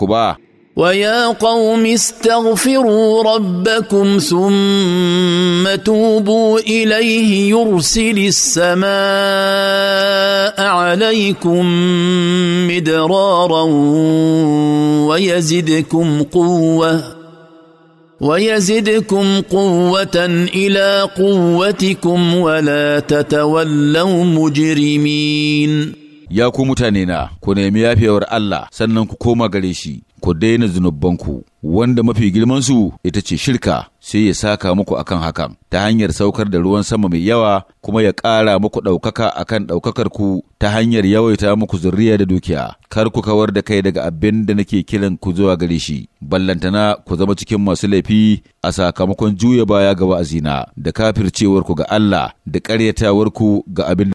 كبا ويا قوم استغفروا ربكم ثم توبوا اليه يرسل السماء عليكم مدرارا ويزدكم قوه ويزدكم قوه الى قوتكم ولا تتولوا مجرمين ya ku mutane na ku nemi yafewar Allah sannan ku koma gare shi ku daina zunubanku wanda mafi girman su ita ce shirka sai ya saka muku akan hakan ta hanyar saukar da ruwan sama mai yawa kuma ya ƙara muku ɗaukaka akan ɗaukakar ku ta hanyar yawaita muku zuriya da dukiya kar ku kawar da kai daga abin da nake kiran ku zuwa gare shi ballantana ku zama cikin masu laifi a sakamakon juya baya ga wa'azina da kafircewar ku ga Allah da ƙaryatawar ku ga abin